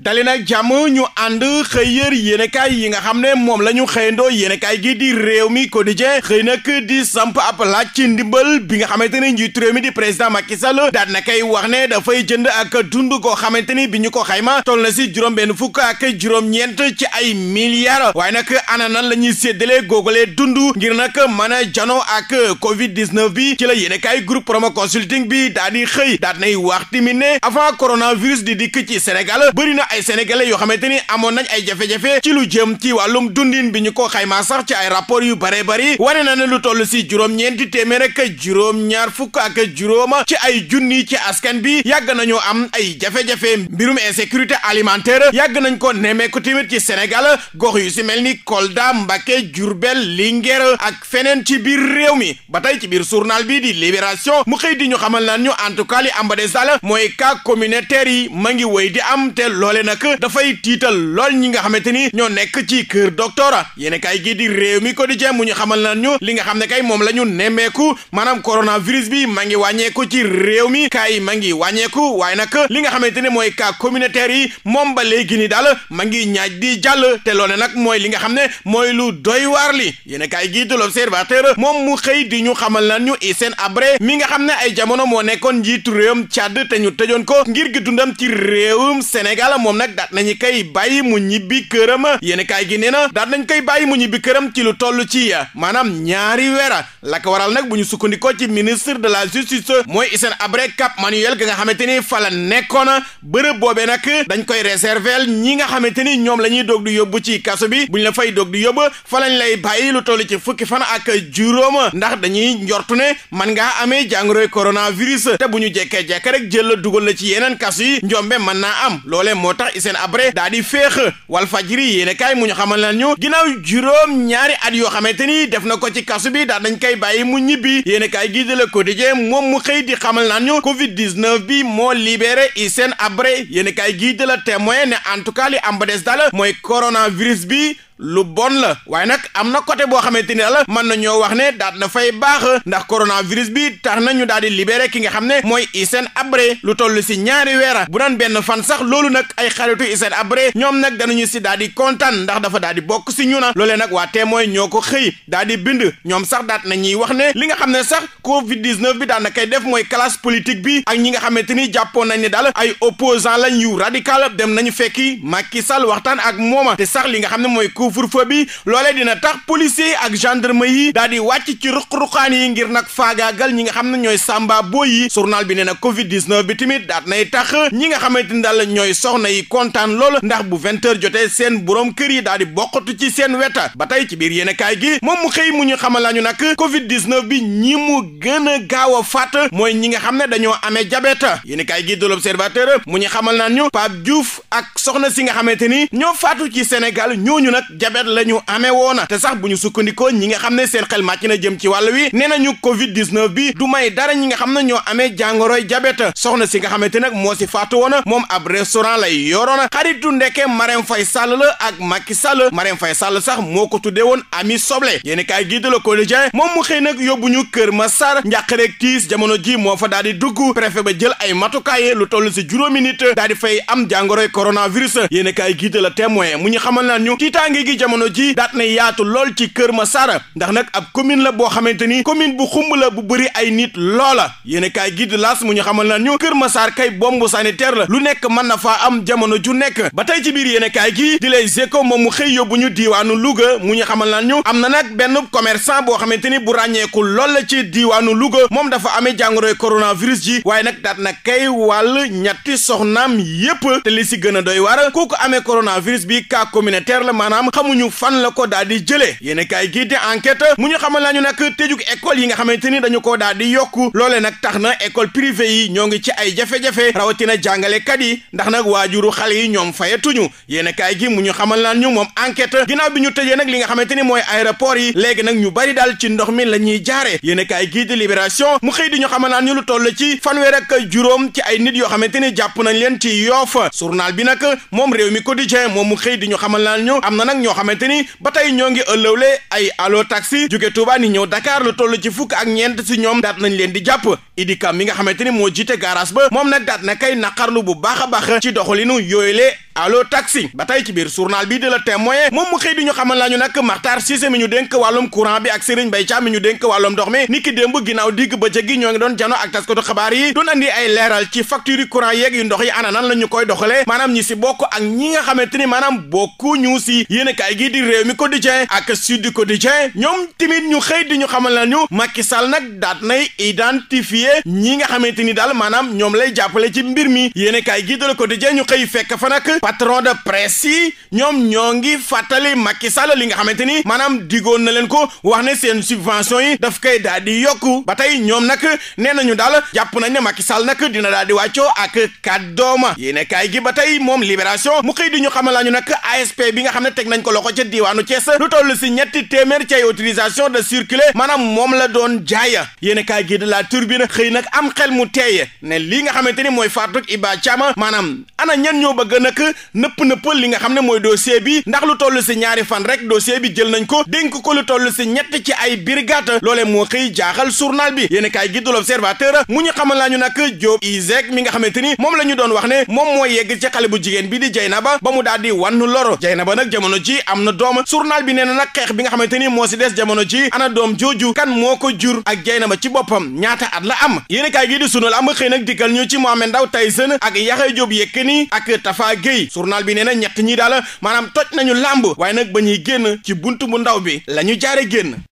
dali nag jàmm ñu ànd xëy yër yéenekaay yi nga xam ne moom la ñu xëyandoo yéenekaay gi di réew mi ko quotidien xëy nag di samp ab laaj ci ndimbal bi nga xamante ne njiitu réew mi di président Macky Sall daan na koy wax ne dafay jënd ak dund koo xamante ni bi ñu ko xayma toll na si juróom benn fukk ak juróom-ñeent ci ay milliards waaye nag ana nan la ñuy séddale googalee dund ngir nag mën a jano ak covid 19 bi ci la yéenekaay groupe promo consulting bi daal di xëy daal nay wax tamit ne avant coronavirus di dikk ci Sénégal bëri na ay sénégalais yoo xamante ni amoon nañ ay jafe-jafe ci lu jëm ci wàllum dundin bi ñu ko xaymaa sax ci ay rapport yu bare bari wane na ne lu toll si juróom-ñeenti téeméer ak juróom-ñaar fukk ak juróoma ci ay junni ci askan bi yàgg nañoo am ay jafe-jafe mbirum insécurité alimentaire yàgg nañ ko nemmeeku tamit ci Sénégal gox yu si mel ni Kolda Mbacké Diourbel Linguère ak feneen ci biir réew mi ba tey ci biir journal bii di Libération mu xëy di ñu xamal naan ñu en tout cas li am ba des yi ma ngi wéy di am te loole loolee dafay tiital lool ñi nga xamante ni ñoo nekk ci kër docteur yéen kay gii di réew mi quotidien mu ñu xamal na ñu li nga xam ne kay moom la ñu nemmeeku maanaam coronavirus bi ma ngi wàññeeku ci réew mi kay ma ngi wàññeeku waaye nag li nga xamante ni mooy cas communautaire yi moom ba léegi ni daal ma ngi ñaaj di jàll te loole nag mooy li nga xam ne mooy lu doy waar li yéen kay gii di l'observateur moom mu xëy di ñu xamal na ñu Hissène Habré mi nga xam ne ay jamono moo nekkoon njiitu réewum Tchad te ñu tëjoon ko ngir gi dundam ci réewum Sénégal moom nag daat nañu koy bàyyi mu ñibbi këram yéen kaay gi nee na daat nañ koy bàyyi mu ñibbi këram ci lu toll ci maanaam ñaari weer la ko waral nag bu ñu sukkandikoo ci ministre de la justice mooy Hissène Habré Cap Manuel ga nga xamante ni fa la nekkoon bërëb boobee nag dañ koy réserver ñi nga xamante ni ñoom la ñuy doog di yóbbu ci kaso bi bu ñu la fay dog di yóbbu fa lañ lay bàyyi lu toll ci fukki fan ak juróom ndax dañuy njortu ne man ngaa amee jàngoroy coronavirus te bu ñu jekkee jekk rek jël la dugal la ci yeneen kaso yi njombe mën naa am loolee moo tax Hissène Habré daa di féex Walfadjri yéene kaay mu ñu xamal lan ñu ginnaaw juróom ñaari at yoo xamante ni def na ko ci kasu bi daal dañ koy bàyyi mu ñibbi yéene kaay gii de Le Quotidien moom mu xëy di xamal lan ñu Covid 19 bi moo libéré Hissène Habré yéene kaay gii de Le Témoin ne en tout cas li am ba des daal mooy coronavirus bi. lu bon la waaye nag am na côté boo xamante ni la mën na ñoo wax ne daat na fay baax ndax coronavirus bi tax na ñu daal di libéré ki nga xam ne mooy Hissène Habré lu toll si ñaari weera bu doon benn fan sax loolu nag ay xaritu Hissène Habré ñoom nag danañu si daal di kontaan ndax dafa daal di bokk si ñu na loolee nag waa témoin ñoo ko xëy daal di bind ñoom sax daat na ñuy wax ne li nga xam ne sax Covid bi daan na koy def mooy classe politique bi ak ñi nga xamante ni jàppoon nañ ne daal ay opposant lañ yu radical dem nañu fekki Macky Sall waxtaan ak mooma te li nga xam ne mooy couvre-feu bi loolee dina tax policiers ak gendarme yi daal di wàcc ci ruq-ruqaan yi ngir nag faagaagal ñi nga xam ne ñooy samba booy yi journal bi nee na Covid bi tamit daat nay tax ñi nga xamante ni daal ñooy soxna yi kontaan lool ndax bu vingt heures jotee seen borom kër yi daal di bokkatu ci seen weta ba tey ci biir yéen kaay gi moom mu xëy mu ñu xamal lañu nag Covid 19 bi ñii mu gën a gaaw a faat mooy ñi nga xam ne dañoo amee jabeta yéen kaay gi de l'observateur mu ñu xamal naan ñu Pape Diouf ak soxna si nga xamante ni ñoo faatu ci Sénégal ñooñu nag jabet la ñu amee woona te sax bu ñu sukkandikoo ñi nga xam ne seen xel màcc na jëm ci wàll wi nee nañu covid 19 bi du may dara ñi nga xam ne ñoo amee jàngoroy jabet soxna si nga xamante nag moo si faatu woona moom ab restaurant lay yoroona xaritu ndeke Marème Faye Sall la ak Macky Sall Marème Faye Sall sax moo ko tuddee woon ami soble yenn kaay gii da la Quotidien moom mu xëy nag yóbbu ñu Kër ma Massar njàqareeg tiis jamono ji moo fa daal di dugg préfet ba jël ay matukaay lu toll si juróomi nit daal di fay am jàngoroy coronavirus yéeni kaay gii da la témoin mu léegi jamono ji daat na yaatu lool ci Kër Masara ndax nag ab commune la boo xamante ni commune bu xumb la bu bëri ay nit loola yéen kaay gi di laas mu ñu xamal na ñu Kër Masar kay bombu sanitaire la lu nekk mën na faa am jamono ju nekk ba tey ci biir yéen kaay gi di Les Échos moom mu xëy yóbbu ñu diiwaanu Louga mu ñu xamal na ñu am na nag benn commerçant boo xamante ni bu ràññeeku lool la ci diiwaanu luga moom dafa amee jàngoroy coronavirus ji waaye nag daat na kay wàll ñetti soxnaam yépp te li si a doy war kooku amee coronavirus bi cas itam xamuñu fan la ko daal di jëlee yéen kaay gii di enquête mu ñu xamal la ñu nag tëjug école yi nga xamante ni dañu koo daal di yokku loole nag tax na école privée yi ñoo ngi ci ay jafe-jafe rawatina jàngalekat yi ndax nag waajuru xale yi ñoom fayatuñu yéen kaay gi mu ñu xamal la ñu moom enquête ginnaaw bi ñu tëjee nag li nga xamante ni mooy aéroport yi léegi nag ñu bari daal ci ndox mi la ñuy jaare yéen kaay gii di libération mu xëy di ñu xamal la ñu lu toll ci fanweer ak juróom ci ay nit yoo xamante ni jàpp nañ leen ci yoofa journal bi nag moom réew mi quotidien moom mu xëy di ñu xamal ñoo xamante ni ba tey ñoo ngi ëllëwle ay allo taxi jóge Touba ni ñëw Dakar lu toll ci fukk ak ñeent si ñoom daat nañ leen di jàpp Idi Kam mi nga xamante ni moo jiite garage ba moom nag daat na kay naqarlu bu baax a baax ci doxalinu le allo taxi ba tey ci biir journal bii di la témoin moom mu xëy di ñu xamal lañu nag Makhtar Cissé mi ñu dénk wàllum courant bi ak Serigne Mbaye Thiam mi ñu dénk wàllum ndox mi niki démb ginnaaw digg bëccëg gi ñoo ngi doon jano ak taskatu xabaar yi doon andi ay leeral ci facture courant yeeg yu ndox yi ana nan la koy doxalee maanaam ñi si bokk ak ñi nga xamante ni maanaam bokku ñu si gii di réew mi quotidien ak sud quotidien ñoom tamit ñu xëy di ñu xamal lañu Macky Sall nag daat nay identifier ñi nga xamante ni daal maanaam ñoom lay jàppale ci mbir mi yéen kaay gii di la quotidien ñu xëy fekk fa nag patron de presse yi ñoom ñoo ngi fàttali Macky Sall li nga xamante ni maanaam digoon na leen ko wax ne seen subvention yi daf koy daal di yokku ba tey ñoom nag nee nañu daal jàpp nañ ne Macky Sall nag dina daal di wàccoo ak kàddooma yéene kaay gi ba tey moom libération mu xëy di ñu xamal ñu nag ASP bi nga xam ne teg nañ ko loxo ca diwaanu Thiès lu toll si ñetti téeméer ci ay autorisation de circuler maanaam moom la doon jaaya yéene kaay gi de la turbine xëy nag am xel mu teeye ne lii nga xamante ni mooy faatug Iba Thiam maanaam ana nag nëpp nëppal li nga xam ne mooy dossier bi ndax lu toll si ñaari fan rek dossier bi jël nañ ko dénk ko lu toll si ñett ci ay brigade loolee moo xëy jaaxal journal bi yéen kaay gi du l'observateur mu ñu xamal laa ñu nag Diop mi nga xamante moom la ñu doon wax ne moom moo yegg ci xale bu jigéen bi di Jaynaba ba mu daal di wan loro Jaynaba nag jamono ji am na doom journal bi nee na nag xeex bi nga xamante ni moo si des jamono ji ana doom jooju kan ko jur ak Jaynaba ci boppam ñaata at la am yéen kaay gi di sunu la am xëy nag dikkal ñu ci Mohamed yi bi nee na ñett ñii daala maanaam toj nañu làmb waaye nag ba ñuy génn ci bunt bu ndaw bi la ñu jaare génn